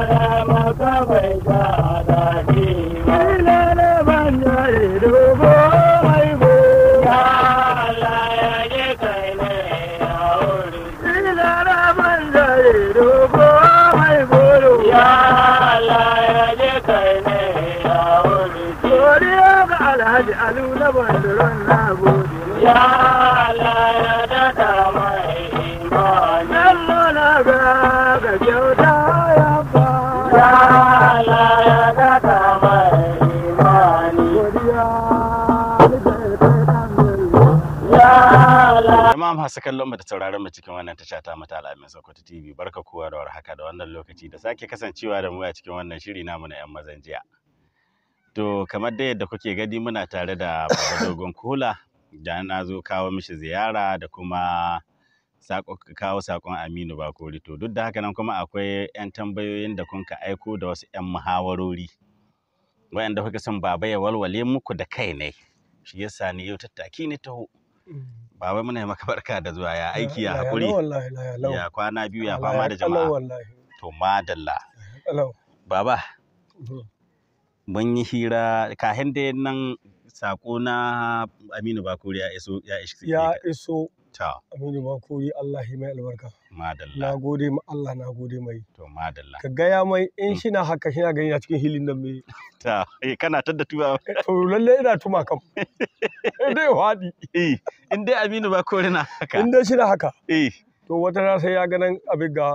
Ana maka bai ba. jama'a masu kallon mu da sauraron mu cikin wannan tasha ta mata alamin Sokoto TV barka kowa da warhaka da wannan lokaci da sake kasancewa da mu a cikin wannan shiri namu na yan mazan jiya to kamar da yadda kuke gani muna tare da Baba Dogon kula da na zo kawo mishi ziyara da kuma kawo sakon Aminu Bakori to duk da haka nan kuma akwai yan tambayoyin da kun ka aiko da wasu yan muhawarori wayanda kuka san baba ya walwale muku da kai ne shi yasa ne yau tattaki ne taho mm. ba wai muna maka barka da zuwa ya aiki ya hakuri ya kwana biyu ya fama da jama'a to madalla baba mm-hmm. mun yi hira kahin da nan sako na Aminu Bakuri ya iso ya iso ta aminu ba kuri Allah mai albarka madalla na gode ma Allah na gode mai to madalla ka gaya mai in mm. shi na haka shi na gani a cikin hilin nan mai ta eh, kana da tuba eh, to lalle ina tuma kam eh, dai wadi eh in dai aminu ba kuri na haka in dai shi na haka eh to wata rana sai ya ganan abin ga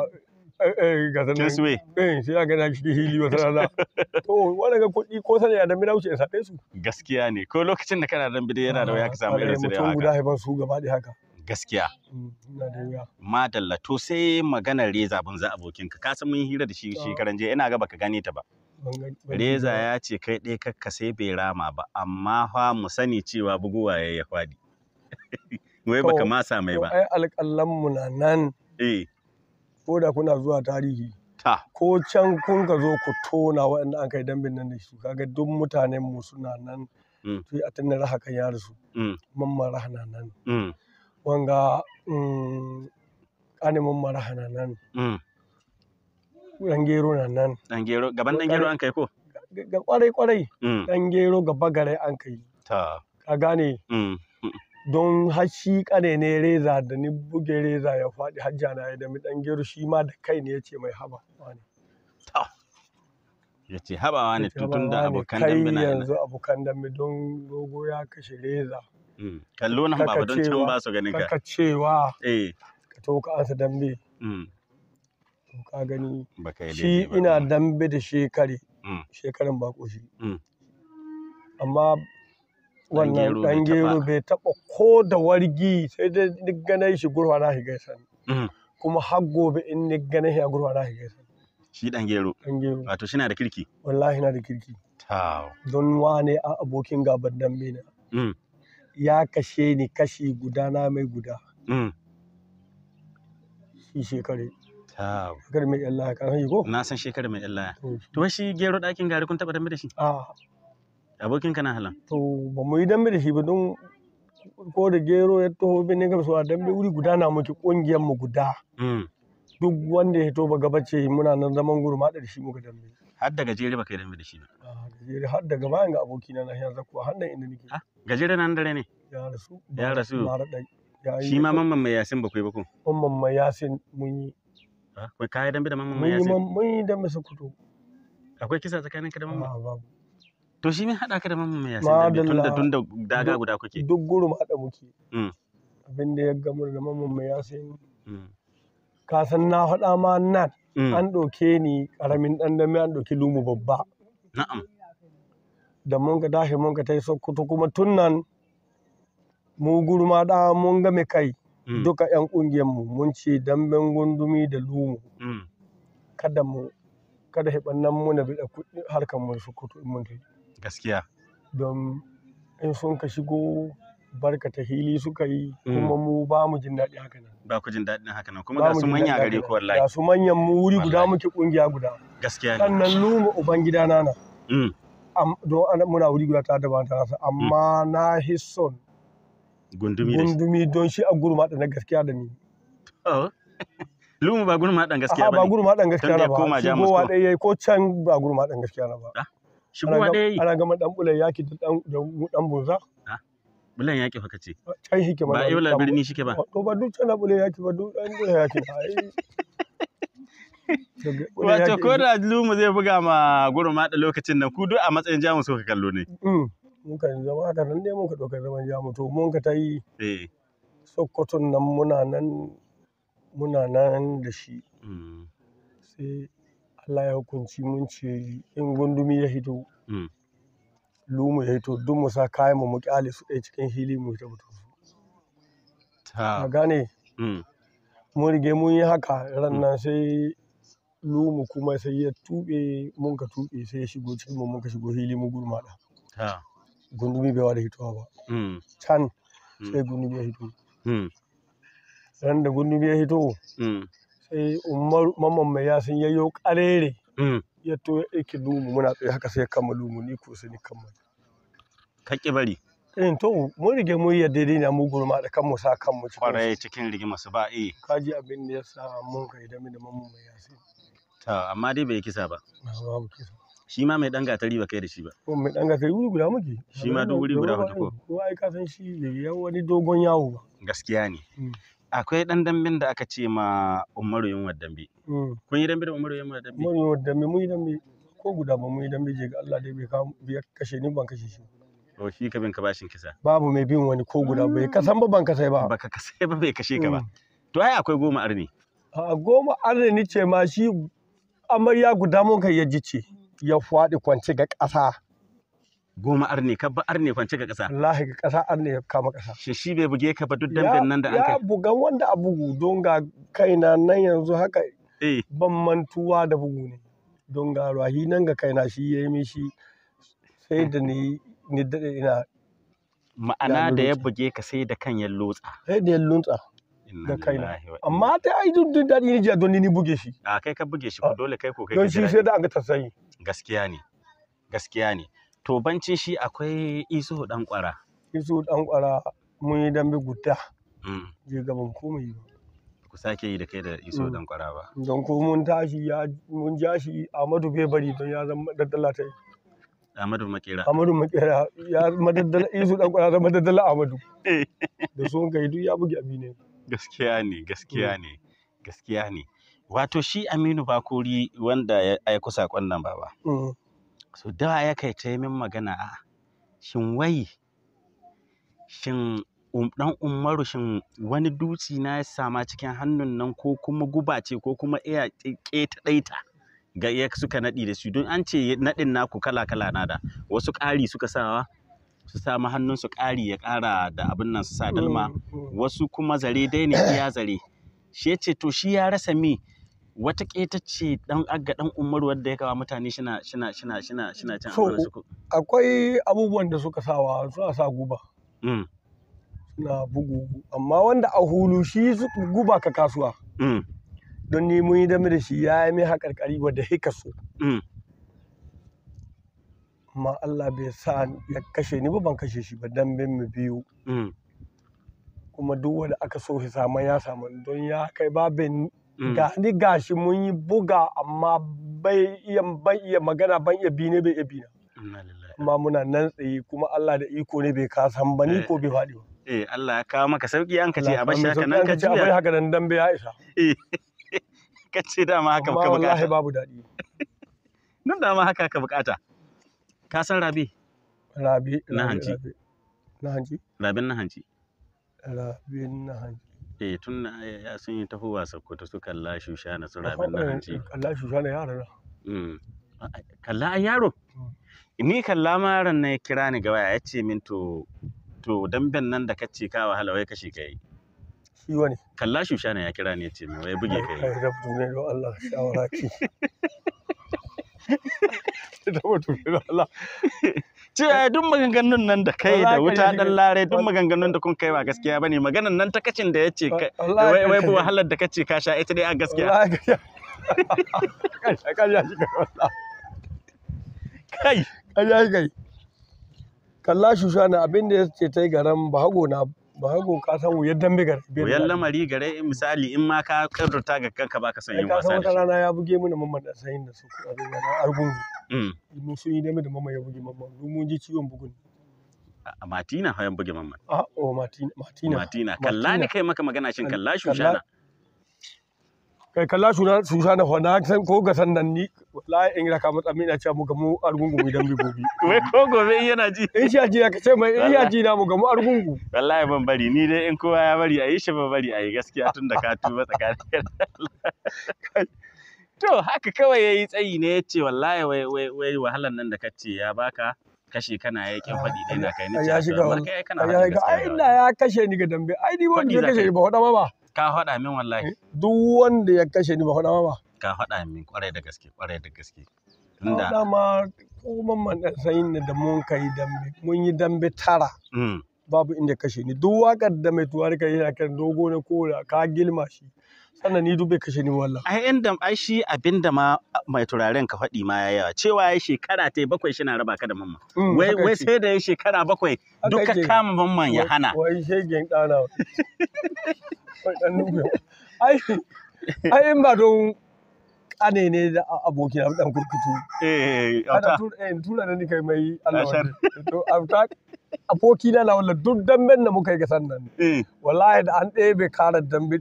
gasar nan sai ya gana shi hili wata rana to wanda ga kuɗi ko sani ya dambe na wuce in su gaskiya ne ko lokacin da kana dan bidiyo yana da wuya ka samu irin su da yawa. mutum guda ya ban su gaba da haka gaskiya mm, madalla to sai maganar reza za abokinka ka san mun hira da shi ah. shekaran je ina ga baka gane ta ba reza ya ce kai ɗaya kakka sai bai rama ba amma fa mu sani cewa buguwa ya ya faɗi wai baka ma mai ba ai alƙallan mu na nan eh ko da kuna zuwa tarihi ta ko can kun ka zo ku tona waɗanda an kai dambin nan da shi kaga duk mutanen mu suna nan mm. sai a tunan raha kan Mm. mamman raha na nan mm. wanga ƙanimin mm, maraha mm. na nan ɗan gero na nan ɗan gero gaban ɗan gero an kai ko Ga kwarai kwarai ɗan mm. gero gaba gare an kai ka gane don hashi shi kane ne reza da ni buge reza ya faɗi hajja na ya dami ɗan gero shi ma da kai ne ya ce mai haba wani ya ce habawa ne tutun da abokan dambe na yanzu abokan dambe don rogo ya kashe reza Mm. kallo nan ba don can ba su ganin ka kakacewa cewa. Eh. ka to ka asa dambe mm. to ka gani shi ina dambe da shekari mm. shekarin bako shi amma wannan dan gero bai taba ko da wargi sai dai ganin shi gurwa na shiga sani kuma har gobe in ni ganin shi a gurwa na shiga sani shi dan gero dan gero wato shi na da kirki wallahi na da kirki don wane a abokin gaban dambe na ya kashe ni kashi guda na mai guda mm. shi shekare shekar mai yan laya kan ko na san shekar mai yalla laya to shi gero ɗakin gari kun taba dambe da shi abokin kana halan to ba mu yi dambe da shi ba don ko da gero ya taho bin ne gamsu a dambe wuri guda na muke ƙungiyar mu guda mm. duk wanda ya to ba gabace muna nan zaman gurma da shi muka dambe har da gajere ba kai dambe da shi ba ah, gajere har da bayan ga aboki na nahiya zakuwa har nan inda nake ah, gajere nan dare ne ya rasu ya rasu shi ma mamman mai yasin bakwai bako mamman mai yasin mun yi kai ah, kai dambe da mamman mai yasin mun yi dambe su kuto akwai kisa tsakanin ka da mamman babu to shi me hada ka da mamman mai yasin dambe tunda tunda daga guda kuke duk gurum haɗa muke mm. abin da ya gamu da mamman mai yasin mm. ka san na faɗa ma nan Mm. an ɗauke ni ƙaramin ɗan an ɗauki lumu babba na'am da mun ga tashi mun ga sokoto kuma tun nan mu gurma ɗa mun ga mai kai mm. duka yan kungiyar mu mun ce damben gundumi da lumu mm. kada mu kada hiban nan muna bi da harkar mu sokoto in mun tafi gaskiya don in sun ka shigo barka ta hili suka yi kuma mu ba mu jin daɗi haka nan ba ku jin daɗin haka nan kuma ga su manya gare ku wallahi ga su manyan mu wuri guda muke kungiya guda gaskiya ne sannan lumu ubangida na na mm. don muna wuri guda ta da ban ta rasa mm. amma na hisson gundumi gundumi don shi a gurma da na gaskiya da ni lumu ba gurma dan gaskiya ba ba gurma dan gaskiya ba koma jamus ko dai ko can ba gurma dan gaskiya ba ah, shigowa dai ana gama dan bulai yaki dan dan bunza bulan yaki fa kace can yake ba yola birni shike ba to ba duk can bulan yaki ba duk an bulan yaki wato ko da lumu zai buga ma ma da lokacin nan ku duk a matsayin jamus ka kallo ne mm. mukan zama haka nan dai ka ɗaukar zaman jamus to mun ka ta yi eh. sokoton nan muna nan muna nan da shi mm. sai Allah ya hukunci mun ce in gundumi ya hito mm. lumu ya hito duk mu sa kayan mu mu su ɗaya cikin hili mu ta fito su ka gane mm. mun rige mun yi haka ran mm. nan sai lumu kuma sai ya tuɓe mun ka tuɓe sai ya shigo cikin mu mun ka shigo hili mu gurma da gundumi bai wada hitowa ba mm. can sai gundumi ya hito ran da gundumi ya hito sai umar mamman mai yasin yayyo karere ya to ya aiki lumu muna tsaye haka sai ya kama lumu ni ko sai ni kama ka ki bari eh to mun rige mu ya daidai na mu gurma da kanmu sa kanmu cikin kwarai cikin rigima su ba eh kaji abin da yasa mun kai da mun da mamu mai yasi ta amma dai bai kisa ba babu kisa shi ma mai dan gatari ba kai da shi ba ko mai dan gatari wuri guda muke shi ma duk wuri guda muke ko ko ai ka san shi ne wani dogon yawo ba gaskiya ne hmm. akwai dan dambin da aka ce ma umaru Yunwa dambe mm. kun yi dambe da umaru Yunwa dambe umaru Yunwa dambe mun yi dambe ko guda ba mun yi dambe je ga Allah dai bai kashe ni ban kashe shi to shi ka bin ka bashin kisa babu mai bin wani ko guda bai mm. kasan ba ban kasai ba baka kasai ba bai kashe ka ba mm. to ai akwai goma arni a goma arni ce ma shi amarya guda mun kai ya jice ya fadi kwance ga ƙasa goma arne ka ba arne kwance ga ƙasa wallahi ga ƙasa arne ya kama ƙasa shi shi bai buge ka ba duk dambin nan da an kai ya buga wanda a bugu don ga kaina nan yanzu haka eh ban mantuwa da bugu ne don ga rahi nan ga kaina shi yayi min shi sai da ni ni da ina ma'ana da ya buge ka sai da kan ya lotsa sai da ya lotsa da kaina amma ta ai duk da ni jiya don ni buge shi a kai ka buge shi ah. ko dole kai ko kai don shi sai da an ga tasayi gaskiya ne gaskiya ne to bancin shi akwai isu dan kwara isu dan kwara mun yi dambe guda mm. je gaban komai yi ku sake yi da kai da iso dan mm. kwara ba don ko mun tashi ya mun ja shi Ahmadu bai bari don ya zama daddala tai Ahmadu Makera Ahmadu Makera ya madaddala iso dan kwara eh. da madaddala Ahmadu da sun kai duk ya bugi abi ne gaskiya ne gaskiya mm. ne gaskiya ne wato shi Aminu Bakori wanda ya aika sakon nan baba so da ya kai ta min magana a shin wai shin dan um, umaru shin wani dutsi na ya sama cikin hannun nan ko kuma guba ce ko kuma iya keta ɗaita ga ya suka naɗi da su don an ce naɗin naku kala kala na da wasu ƙari suka sawa su sami hannun su ƙari ya ƙara da abin nan su sa dalma mm. wasu kuma zare dai ne iya zare shi ya ce to shi ya rasa mi wata ƙeta ce dan ga dan umar wanda ya kawo mutane shina shina shina shina shina can So akwai abubuwan da suka sawa suna sa guba mm. suna bugu amma wanda a hulu shi su guba ka kasuwa mm. don ni mun yi dame da shi ya yi mai haƙarƙari wadda hika so mm. amma Allah bai sa ya kashe ni ba ban kashe shi ba dan bin mu biyu kuma duk wanda aka so ya samu ya samu don ya kai babin Mm. ni gashi mun yi buga amma bai iya ban iya magana ban iya bi ne bai iya bi na amma muna nan tsaye kuma Allah da iko ne bai kasan ba ni eh. ko bai faɗi ba eh Allah ya kawo maka sauki an ka ce a bashi haka nan ka ji a haka nan dan bai ya isa eh ka ce dama haka ka buƙata wallahi babu daɗi nan dama haka ka buƙata. ka san rabi rabi na hanci na hanci rabin na hanci rabin na hanci eh tun na ya sun yi taho tahowa sakkwato su kalla shusha eh, na su mm. abin na hanci kalla shusha na yaro na kalla a yaro ni kalla ma yaron na ya kira ni gaba ya ce min to to damben nan da kacce ka wahala wai kashi kai shi wani kalla shusha na ya kira ni ya ce min wai buge kai kai da ne don Allah shawara ki da mutum Allah duk maganganun nan da kai da wuta dan lare duk maganganun da kun kai ba gaskiya bane maganan nan ta kacin da yace wai wai bu wahalar da kace ka sha ita dai a gaskiya kai kai kai kalla shushana abin da yace tai garan bahago na ba hago ka san wuyar dambe gare wuyar lamari gare misali in ma ka kadurta ga kanka ba ka san yin wasa da shi rana ya buge mu da mamman da sayin da su a rana argungu mm. mun sun yi dambe da mamman ya buge mamman mun ji ciwon bugun matina hayan buge mamman. Ah, oh Martina. Martina. Martina. Kalla kai maka magana shin kalla shushana. kai kalla suna susa na hona san ko ga nan ni wallahi in raka matsa mina ce mu ga mu argungu idan bi gobe wai ko gobe in yana ji in sha ji ka ce mai in ya ji na mu ga mu argungu wallahi ban bari ni dai in kowa ya bari ayi shi ban bari ayi gaskiya tun da ka tuba tsakanin to haka kawai yayi tsayi ne yace wallahi wai wai wai wahalan nan da kace ya baka kashe kana ya kin faɗi dai na kai ni ce ya shiga kai kana ya kashe ni ga dambe ai ni ba ni kashe ba wada ba Ka faɗa min wallahi. Eh, duk wanda ya kashe ni ba faɗa ma ba. Ka faɗa min kwarai da gaske kwarai da gaske. Inda. da ma kuman man ne da mun kai dambe mun yi dambe tara. Mm. Babu inda kashe ni duk waƙar da mai tuwa ka yi a kan dogo ne ko ka gilma shi. sannan ni duk kashe ni wallah ai inda ai shi abinda ma mai turaren ka faɗi ma yayi yawa cewa ai shekara ta bakwai shi na raba ka da mamma mm, wai wai sai da yayi shekara bakwai duka kama mamman ya hana wai shegen ɗana wai dan nufi ai ai in ba don ƙane ne da abokina dan kurkutu eh eh tura da eh, ni kai mai Allah to auta abokina na wallah duk damben da muka yi ga sannan eh. wallahi da an ɗebe karar dambe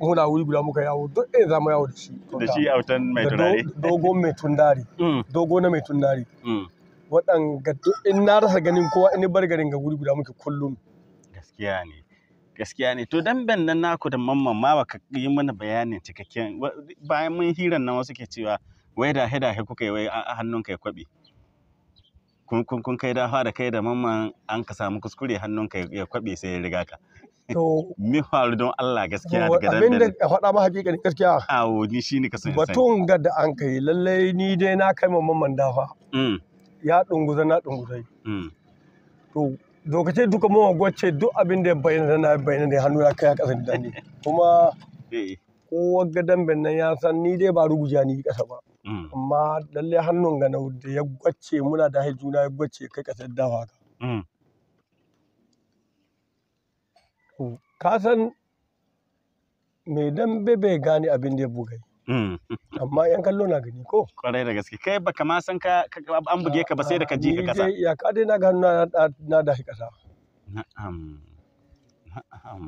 muna wuri guda muka yawo duk ɗaya za mu yawo da shi da shi autan mai tunari dogo mai tunari. Mm. dogo na mai tundari mm. waɗanga in na rasa ganin kowa in bar garin ga wuri guda muke kullum gaskiya ne gaskiya ne to dan ban nan naku da mamman ma baka yi mana bayanin cikakken bayan mun hiran nan wasu ke cewa wai da heda he kuka yi wai a hannun kai kwabe kun kun kai da fara kai da mamman an ka samu kuskure hannun kai ya kwabe sai ya riga ka to don Allah gaskiya daga dan abin da ka faɗa ma hakikanin gaskiya awo ni shi ne ka sani batun ga da an kai lalle ni dai na kai mamman dafa mm. ya dunguza na dunguzai mm. to lokacin duka mawa gwace duk abin da ya bayyana na bayyana da hannu ya kai a ƙasar da ne kuma eh. kowa gadon nan ya san ni dai ba ruguja ni ƙasa ba mm. amma lalle hannun ga wuce ya gwace muna da juna ya gwace kai ƙasar dafa ka ka san mai dambe bai gane abin da ya bugai hmm. amma yan kallo na gani ko kwarai da gaske kai ba kama san ka an buge ka ba sai da ka ji ka kasa ya ka dai na gano na da kasa na'am na'am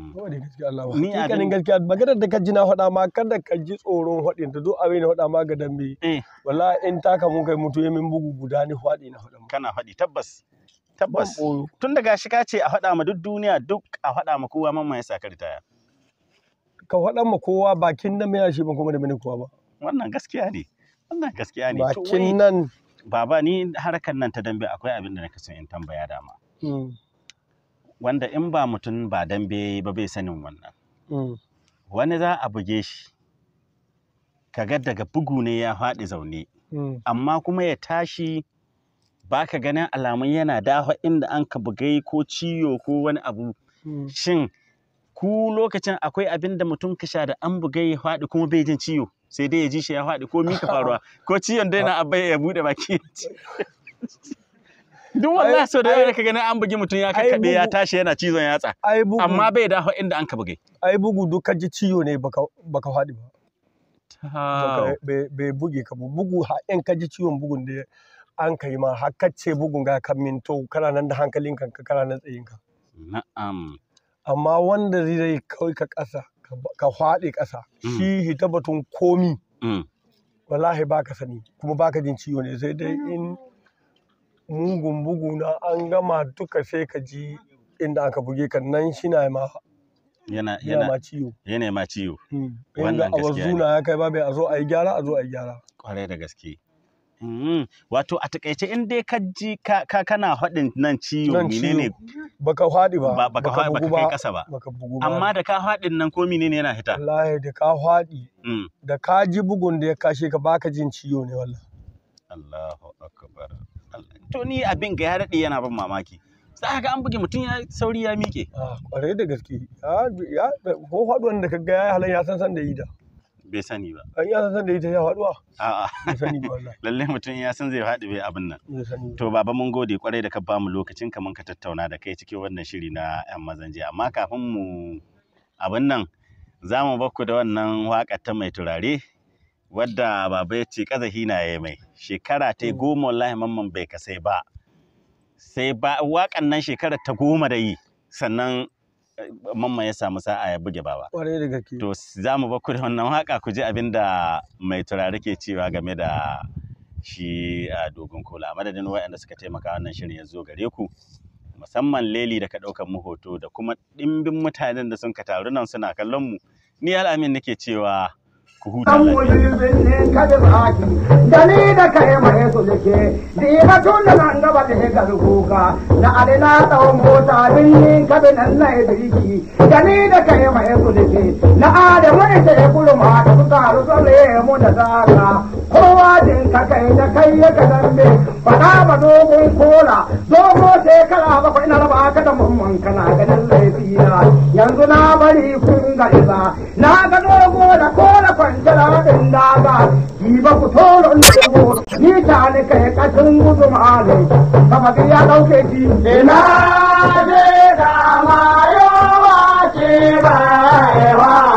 gaske Allah ba ni kanin gaskiya maganar da ka ji na faɗa ma kada ka ji tsoron faɗin ta duk abin da faɗa ma ga dambe eh. wallahi in taka mun kai mutu ya min bugu guda ni faɗi na faɗa kana faɗi tabbas tabbas tun daga gashi ka ce a faɗa ma duk duniya duk a faɗa ma kowa mamma ya saka ritaya ka faɗa ma kowa bakin nan mai yashi ban kuma da mini kowa ba wannan gaskiya ne wannan gaskiya ne bakin nan baba ni harkar nan ta dambe akwai abin da nake son in tambaya dama hmm. wanda in ba mutum ba dambe ba bai sanin wannan hmm. wani za a buge shi Ka ga daga bugu ne ya faɗi zaune hmm. amma kuma ya tashi ba ka ganin alamun yana dafa inda an ka bugai ko ciyo ko wani abu hmm. shin ku lokacin akwai abin da mutum ka sha da an bugai ya faɗi kuma bai jin ciwo sai dai ya ji shi ya faɗi ko mika faruwa ko ciyon dai na abai ya bude baki duk wannan so da yawa ka ganin an bugi mutum ya kakkaɓe ya tashi yana cizon yatsa amma bai dafa inda an ka bugai ai bugu duk ka ji ciwo ne baka faɗi ba bai bugi ka bugu ha in ka ji ciwon bugun da an ka yi ma ce bugun ga kan minto kana nan da hankalin kanka kana nan tsayin ka na'am amma wanda zai kai ka ƙasa ka faɗi ƙasa mm. shi hita batun komi mm. wallahi baka sani kuma baka jin ciwo ne sai dai mm. in mugun bugu na an gama duka sai ka ji inda aka buge ka nan shi na ma yana yana ma ciwo yana ma ciwo wannan gaskiya ne a wazuna ya kai ba bai a zo a yi gyara a zo a yi gyara kwarai da gaske Hmm. wato a takaice in dai ka ji ka kana haɗin nan ciwo menene baka hadi ba baka ba, baka kai ƙasa ba amma da ka haɗin nan ko menene yana hita wallahi da ka hadi hmm. da ka ji bugun da ya kashe ka baka jin ciwo ne wallahi Allahu akbar to ni abin ga ya dade yana ban mamaki sai ka an buge mutum ya sauri ya miƙe. kware ah, da gaske, ko haɗuwan da ka ga ya halayya san san da yi da. bai sani ba ai ya san da ita ya faduwa a'a bai sani ba wallahi lalle mutum ya san zai faɗi bai abin nan sani to baba mun gode kwarai da ka ba mu lokacin kamar ka tattauna da kai cikin wannan shiri na yan mazanje amma kafin mu abin nan za mu bakku da wannan waƙar ta mai turare wadda baba ya ce kaza hina ya mai shekara ta mm. goma wallahi mamman bai kasai ba sai ba waƙan nan shekara ta goma da yi sannan Mamma ya samu sa'a ya buge baba. To za mu ba da wannan waka ku ji abin da mai turare ke cewa game da shi a dogon kola. Madadin waɗanda suka taimaka wannan shirin ya zo gare ku. Musamman Leli da ka ɗaukar mu hoto da kuma ɗimbin mutanen da sun ka taru nan suna kallon mu. Ni al'amin nake cewa Ɗan wajen birnin kadin haki, dani da kai mahe su lake, dina tun da nan gaba da ya garkuka, na adina tsawon mota birnin kadin na ya birki, dani da kai mahe su ta na adamu ita ya kurma da suka haru tsalle mu da zaka. kowa jin ka kai da kai ya ka dambe fada ba dogon kola dogo shekara bakwai ina raba ka da mamman kana ganin laifina yanzu na bari kun ga iza na ga dogo da kola kwanciyar da ba ni ba ku toro dogo ni ta ni kai kacin gudun alai kama ya dauke ki ina je da ma ce ba ba